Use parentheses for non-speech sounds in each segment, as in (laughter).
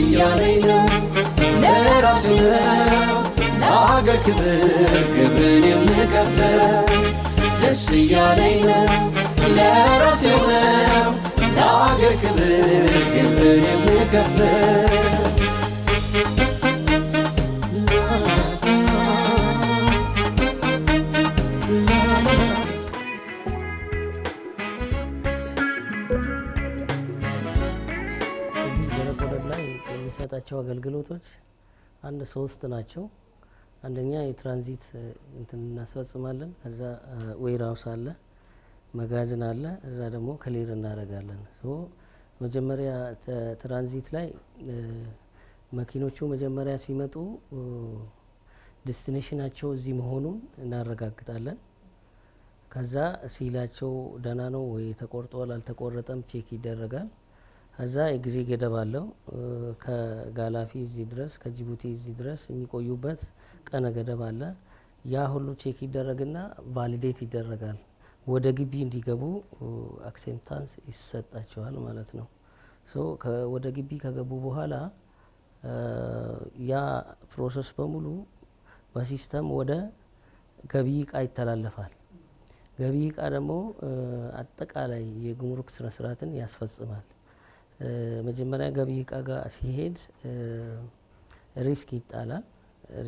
እያለኝ ነው ለራሴ ነው ለአገር ክብር ክብርን የምከፍለው ደስ እያለኝ ነው ለራሴ ለአገር ክብር ክብርን የምከፍለው የምንሰጣቸው አገልግሎቶች አንድ ሶስት ናቸው። አንደኛ የትራንዚት እንትን እናስፈጽማለን። ከዛ ዌይራውስ አለ፣ መጋዘን አለ፣ እዛ ደግሞ ክሊር እናደርጋለን። መጀመሪያ ትራንዚት ላይ መኪኖቹ መጀመሪያ ሲመጡ ዲስቲኔሽናቸው እዚህ መሆኑን እናረጋግጣለን። ከዛ ሲላቸው ደህና ነው ወይ ተቆርጧል አልተቆረጠም ቼክ ይደረጋል። ከዛ የጊዜ ገደብ አለው። ከጋላፊ እዚህ ድረስ ከጅቡቲ እዚህ ድረስ የሚቆዩበት ቀነ ገደብ አለ። ያ ሁሉ ቼክ ይደረግና ቫሊዴት ይደረጋል። ወደ ግቢ እንዲገቡ አክሴፕታንስ ይሰጣቸዋል ማለት ነው። ሶ ወደ ግቢ ከገቡ በኋላ ያ ፕሮሰስ በሙሉ በሲስተም ወደ ገቢ እቃ ይተላለፋል። ገቢ እቃ ደግሞ አጠቃላይ የጉምሩክ ስነስርዓትን ያስፈጽማል። መጀመሪያ ገቢ እቃ ጋር ሲሄድ ሪስክ ይጣላል።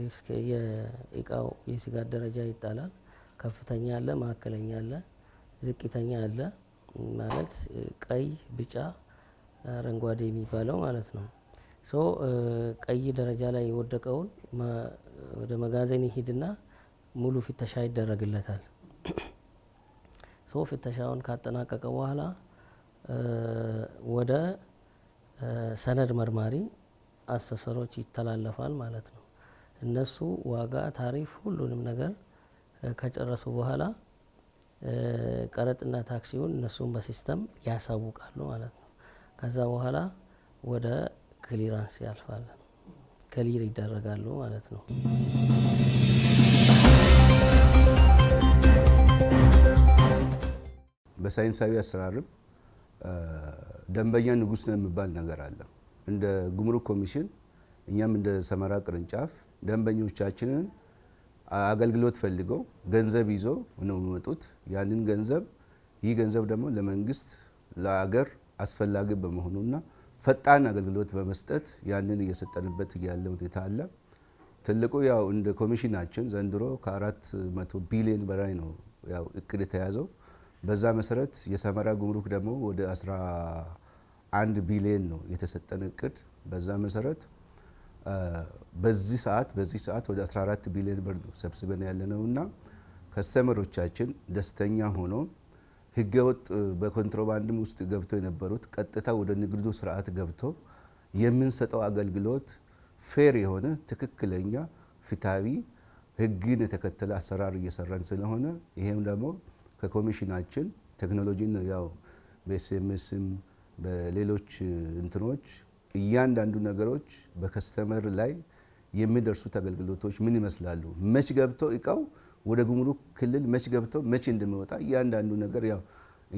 ሪስክ የእቃው የስጋት ደረጃ ይጣላል። ከፍተኛ አለ፣ መካከለኛ አለ፣ ዝቅተኛ አለ። ማለት ቀይ፣ ቢጫ፣ አረንጓዴ የሚባለው ማለት ነው። ሶ ቀይ ደረጃ ላይ የወደቀውን ወደ መጋዘን ይሂድና ሙሉ ፍተሻ ይደረግለታል። ሶ ፍተሻውን ካጠናቀቀ በኋላ ወደ ሰነድ መርማሪ አሰሰሮች ይተላለፋል ማለት ነው። እነሱ ዋጋ፣ ታሪፍ፣ ሁሉንም ነገር ከጨረሱ በኋላ ቀረጥና ታክሲውን እነሱን በሲስተም ያሳውቃሉ ማለት ነው። ከዛ በኋላ ወደ ክሊራንስ ያልፋል፣ ክሊር ይደረጋሉ ማለት ነው። በሳይንሳዊ አሰራርም ደንበኛ ንጉስ ነው የሚባል ነገር አለ። እንደ ጉምሩክ ኮሚሽን እኛም እንደ ሰመራ ቅርንጫፍ ደንበኞቻችንን አገልግሎት ፈልገው ገንዘብ ይዞ ነው የሚመጡት። ያንን ገንዘብ ይህ ገንዘብ ደግሞ ለመንግስት ለአገር አስፈላጊ በመሆኑና ፈጣን አገልግሎት በመስጠት ያንን እየሰጠንበት ያለ ሁኔታ አለ። ትልቁ ያው እንደ ኮሚሽናችን ዘንድሮ ከአራት መቶ ቢሊዮን በላይ ነው ያው እቅድ የተያዘው። በዛ መሰረት የሰመራ ጉምሩክ ደግሞ ወደ 11 ቢሊዮን ነው የተሰጠን እቅድ። በዛ መሰረት በዚህ ሰዓት በዚህ ሰዓት ወደ 14 ቢሊዮን ብር ሰብስበን ያለነው እና ከስተመሮቻችን ደስተኛ ሆኖ ህገወጥ በኮንትሮባንድም ውስጥ ገብቶ የነበሩት ቀጥታ ወደ ንግዱ ስርዓት ገብቶ የምንሰጠው አገልግሎት ፌር የሆነ ትክክለኛ፣ ፍትሃዊ ህግን የተከተለ አሰራር እየሰራን ስለሆነ ይሄም ደግሞ ከኮሚሽናችን ቴክኖሎጂን ያው በኤስኤምኤስም በሌሎች እንትኖች እያንዳንዱ ነገሮች በከስተመር ላይ የሚደርሱት አገልግሎቶች ምን ይመስላሉ፣ መች ገብቶ እቃው ወደ ጉምሩክ ክልል መች ገብቶ መች እንደሚወጣ እያንዳንዱ ነገር ያው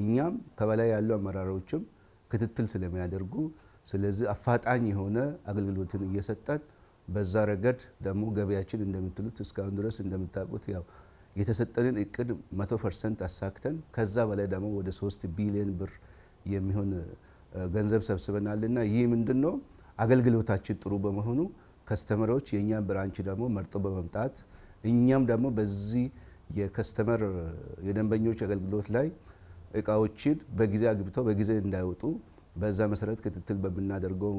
እኛም ከበላይ ያሉ አመራሮችም ክትትል ስለሚያደርጉ ስለዚህ አፋጣኝ የሆነ አገልግሎትን እየሰጠን በዛ ረገድ ደግሞ ገበያችን እንደምትሉት እስካሁን ድረስ እንደምታውቁት ያው የተሰጠንን እቅድ መቶ ፐርሰንት አሳክተን ከዛ በላይ ደግሞ ወደ ሶስት ቢሊዮን ብር የሚሆን ገንዘብ ሰብስበናልና ይህ ምንድን ነው አገልግሎታችን ጥሩ በመሆኑ ከስተመሮች የእኛም ብራንች ደግሞ መርጦ በመምጣት እኛም ደግሞ በዚህ የከስተመር የደንበኞች አገልግሎት ላይ እቃዎችን በጊዜ አግብተው በጊዜ እንዳይወጡ በዛ መሰረት ክትትል በምናደርገው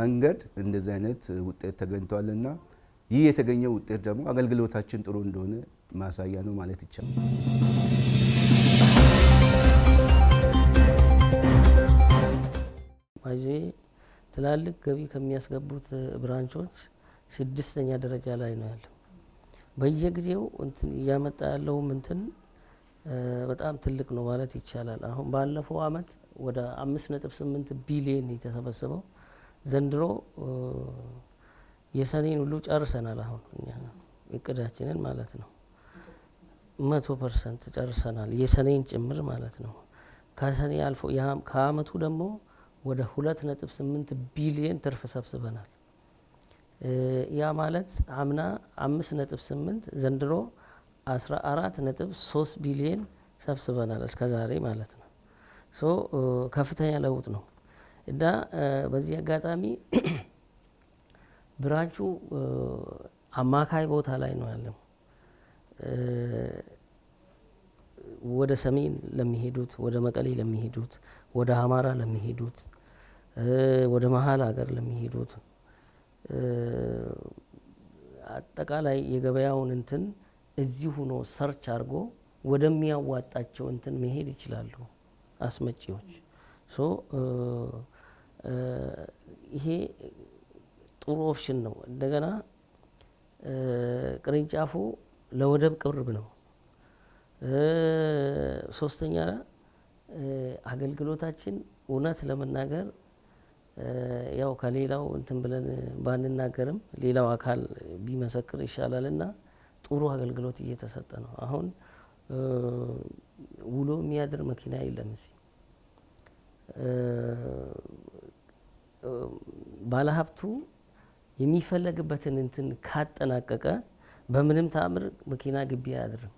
መንገድ እንደዚህ አይነት ውጤት ተገኝቷልና ይህ የተገኘው ውጤት ደግሞ አገልግሎታችን ጥሩ እንደሆነ ማሳያ ነው ማለት ይቻላል። ማይዜ ትላልቅ ገቢ ከሚያስገቡት ብራንቾች ስድስተኛ ደረጃ ላይ ነው ያለው። በየጊዜው እንትን እያመጣ ያለው እንትን በጣም ትልቅ ነው ማለት ይቻላል። አሁን ባለፈው አመት ወደ አምስት ነጥብ ስምንት ቢሊየን የተሰበሰበው ዘንድሮ የሰኔን ሁሉ ጨርሰናል። አሁን እኛ እቅዳችንን ማለት ነው። መቶ ፐርሰንት ጨርሰናል። የሰኔን ጭምር ማለት ነው። ከሰኔ አልፎ ከአመቱ ደግሞ ወደ ሁለት ነጥብ ስምንት ቢሊየን ትርፍ ሰብስበናል። ያ ማለት አምና አምስት ነጥብ ስምንት ዘንድሮ አስራ አራት ነጥብ ሶስት ቢሊየን ሰብስበናል እስከ ዛሬ ማለት ነው። ሶ ከፍተኛ ለውጥ ነው እና በዚህ አጋጣሚ (clears throat) ብራንቹ አማካይ ቦታ ላይ ነው ያለው ወደ ሰሜን ለሚሄዱት፣ ወደ መቀሌ ለሚሄዱት፣ ወደ አማራ ለሚሄዱት፣ ወደ መሀል ሀገር ለሚሄዱት አጠቃላይ የገበያውን እንትን እዚህ ሆኖ ሰርች አድርጎ ወደሚያዋጣቸው እንትን መሄድ ይችላሉ አስመጪዎች። ሶ ይሄ ጥሩ ኦፕሽን ነው። እንደገና ቅርንጫፉ ለወደብ ቅርብ ነው። ሶስተኛ አገልግሎታችን እውነት ለመናገር ያው ከሌላው እንትን ብለን ባንናገርም ሌላው አካል ቢመሰክር ይሻላል እና ጥሩ አገልግሎት እየተሰጠ ነው። አሁን ውሎ የሚያድር መኪና የለም እዚህ። ባለሀብቱ የሚፈለግበትን እንትን ካጠናቀቀ በምንም ተአምር መኪና ግቢ አያድርም።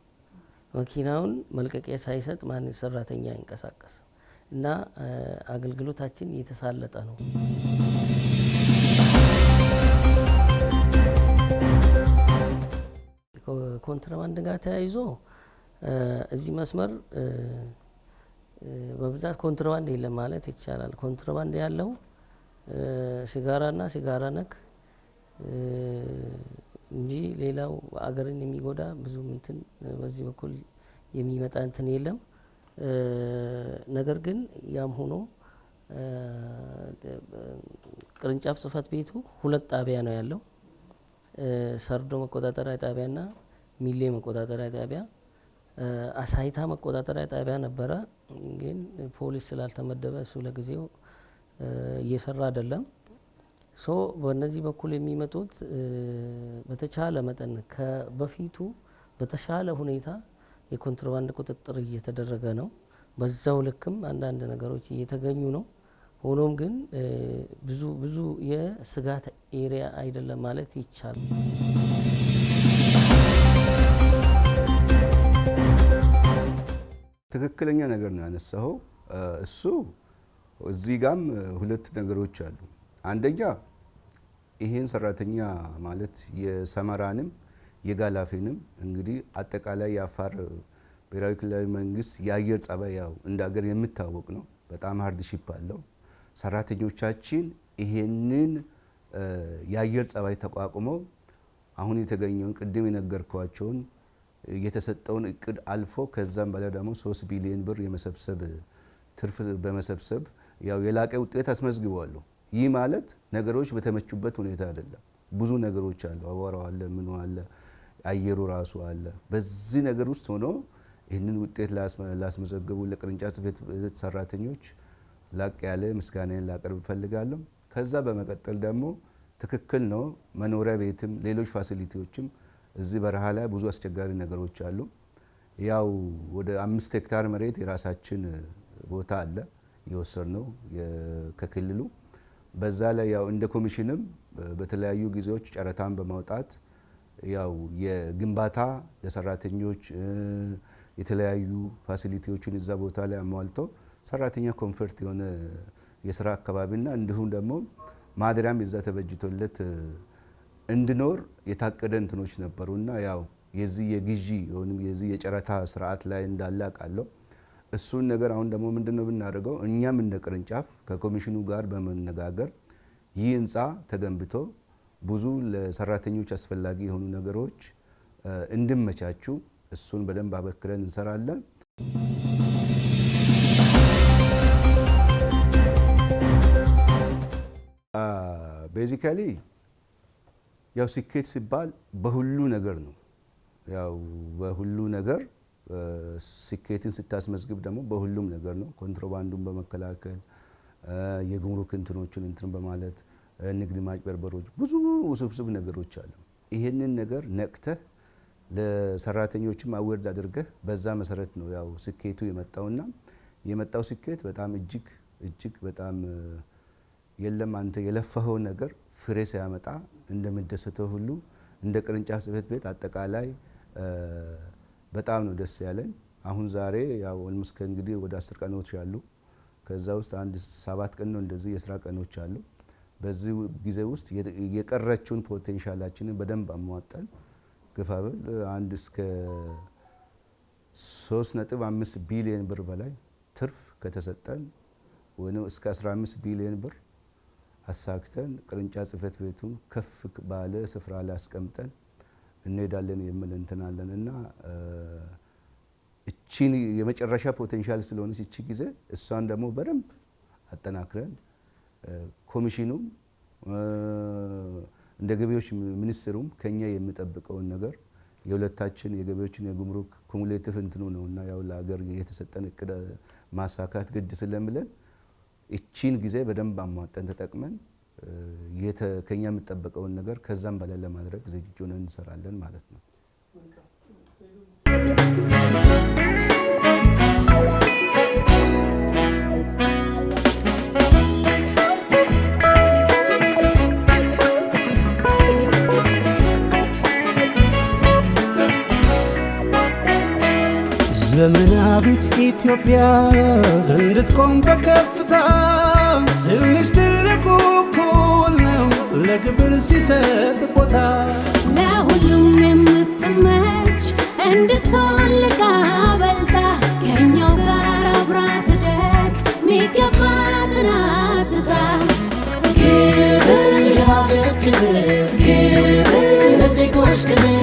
መኪናውን መልቀቂያ ሳይሰጥ ማን ሰራተኛ አይንቀሳቀስም እና አገልግሎታችን የተሳለጠ ነው። ኮንትራባንድ ጋር ተያይዞ እዚህ መስመር በብዛት ኮንትራባንድ የለም ማለት ይቻላል። ኮንትራባንድ ያለው ሲጋራና ሲጋራ ነክ እንጂ ሌላው አገርን የሚጎዳ ብዙ ምንትን በዚህ በኩል የሚመጣ እንትን የለም። ነገር ግን ያም ሆኖ ቅርንጫፍ ጽህፈት ቤቱ ሁለት ጣቢያ ነው ያለው። ሰርዶ መቆጣጠሪያ ጣቢያና ሚሌ መቆጣጠሪያ ጣቢያ አሳይታ መቆጣጠሪያ ጣቢያ ነበረ፣ ግን ፖሊስ ስላልተመደበ እሱ ለጊዜው እየሰራ አይደለም። ሶ በእነዚህ በኩል የሚመጡት በተቻለ መጠን ከበፊቱ በተሻለ ሁኔታ የኮንትሮባንድ ቁጥጥር እየተደረገ ነው። በዛው ልክም አንዳንድ ነገሮች እየተገኙ ነው። ሆኖም ግን ብዙ ብዙ የስጋት ኤሪያ አይደለም ማለት ይቻላል። ትክክለኛ ነገር ነው ያነሳኸው። እሱ እዚህ ጋም ሁለት ነገሮች አሉ አንደኛ ይሄን ሰራተኛ ማለት የሰመራንም የጋላፊንም እንግዲህ አጠቃላይ የአፋር ብሔራዊ ክልላዊ መንግስት የአየር ጸባይ ያው እንደ ሀገር የሚታወቅ ነው። በጣም ሀርድሺፕ አለው። ሰራተኞቻችን ይሄንን የአየር ጸባይ ተቋቁመው አሁን የተገኘውን ቅድም የነገርኳቸውን የተሰጠውን እቅድ አልፎ ከዛም በላይ ደግሞ ሶስት ቢሊዮን ብር የመሰብሰብ ትርፍ በመሰብሰብ ያው የላቀ ውጤት አስመዝግበዋለሁ። ይህ ማለት ነገሮች በተመቹበት ሁኔታ አይደለም። ብዙ ነገሮች አሉ። አቧራው አለ፣ ምኑ አለ፣ አየሩ ራሱ አለ። በዚህ ነገር ውስጥ ሆኖ ይህንን ውጤት ላስመዘገቡ ለቅርንጫፍ ጽሕፈት ቤት ሰራተኞች ላቅ ያለ ምስጋናን ላቀርብ እፈልጋለሁ። ከዛ በመቀጠል ደግሞ ትክክል ነው መኖሪያ ቤትም ሌሎች ፋሲሊቲዎችም እዚህ በረሃ ላይ ብዙ አስቸጋሪ ነገሮች አሉ። ያው ወደ አምስት ሄክታር መሬት የራሳችን ቦታ አለ የወሰድ ነው ከክልሉ በዛ ላይ ያው እንደ ኮሚሽንም በተለያዩ ጊዜዎች ጨረታን በማውጣት ያው የግንባታ ለሰራተኞች የተለያዩ ፋሲሊቲዎችን እዛ ቦታ ላይ አሟልቶ ሰራተኛ ኮንፈርት የሆነ የስራ አካባቢና እንዲሁም ደግሞ ማደሪያም የዛ ተበጅቶለት እንዲኖር የታቀደ እንትኖች ነበሩና ያው የዚህ የግዢ ወይም የዚህ የጨረታ ስርዓት ላይ እንዳለ አውቃለሁ። እሱን ነገር አሁን ደግሞ ምንድነው ብናደርገው እኛም እንደ ቅርንጫፍ ከኮሚሽኑ ጋር በመነጋገር ይህ ህንፃ ተገንብቶ ብዙ ለሰራተኞች አስፈላጊ የሆኑ ነገሮች እንድመቻቹ እሱን በደንብ አበክረን እንሰራለን። ቤዚካሊ ያው ስኬት ሲባል በሁሉ ነገር ነው። ያው በሁሉ ነገር ስኬትን ስታስመዝግብ ደግሞ በሁሉም ነገር ነው። ኮንትሮባንዱን በመከላከል የጉምሩክ እንትኖችን እንትን በማለት ንግድ ማጭበርበሮች፣ ብዙ ውስብስብ ነገሮች አሉ። ይህንን ነገር ነቅተህ ለሰራተኞችም አዌርዝ አድርገህ በዛ መሰረት ነው ያው ስኬቱ የመጣውና የመጣው ስኬት በጣም እጅግ እጅግ በጣም የለም አንተ የለፈኸው ነገር ፍሬ ሳያመጣ እንደምደሰተው ሁሉ እንደ ቅርንጫፍ ጽሕፈት ቤት አጠቃላይ በጣም ነው ደስ ያለኝ። አሁን ዛሬ ያው ኦልሞስት ከእንግዲህ ወደ አስር ቀኖች ያሉ ከዛ ውስጥ አንድ ሰባት ቀን ነው እንደዚህ የስራ ቀኖች አሉ። በዚህ ጊዜ ውስጥ የቀረችውን ፖቴንሻላችንን በደንብ አሟጠን ግፋብል አንድ እስከ 3.5 ቢሊዮን ብር በላይ ትርፍ ከተሰጠን ወይም እስከ 15 ቢሊዮን ብር አሳክተን ቅርንጫ ጽህፈት ቤቱን ከፍ ባለ ስፍራ ላይ አስቀምጠን እንሄዳለን የምል እንትናለን እና እቺን የመጨረሻ ፖቴንሻል ስለሆነች እቺ ጊዜ እሷን ደግሞ በደንብ አጠናክረን ኮሚሽኑም እንደ ገቢዎች ሚኒስትሩም ከኛ የሚጠብቀውን ነገር የሁለታችን የገቢዎችን የጉምሩክ ኩሙሌቲቭ እንትኑ ነው እና ያው ለሀገር የተሰጠን እቅድ ማሳካት ግድ ስለምለን እቺን ጊዜ በደንብ አሟጠን ተጠቅመን ከኛ የምጠበቀውን ነገር ከዛም በላይ ለማድረግ ዝግጁ እንሰራለን ማለት ነው። ዘመናዊት ኢትዮጵያ እንድትቆም በከፍታ ask me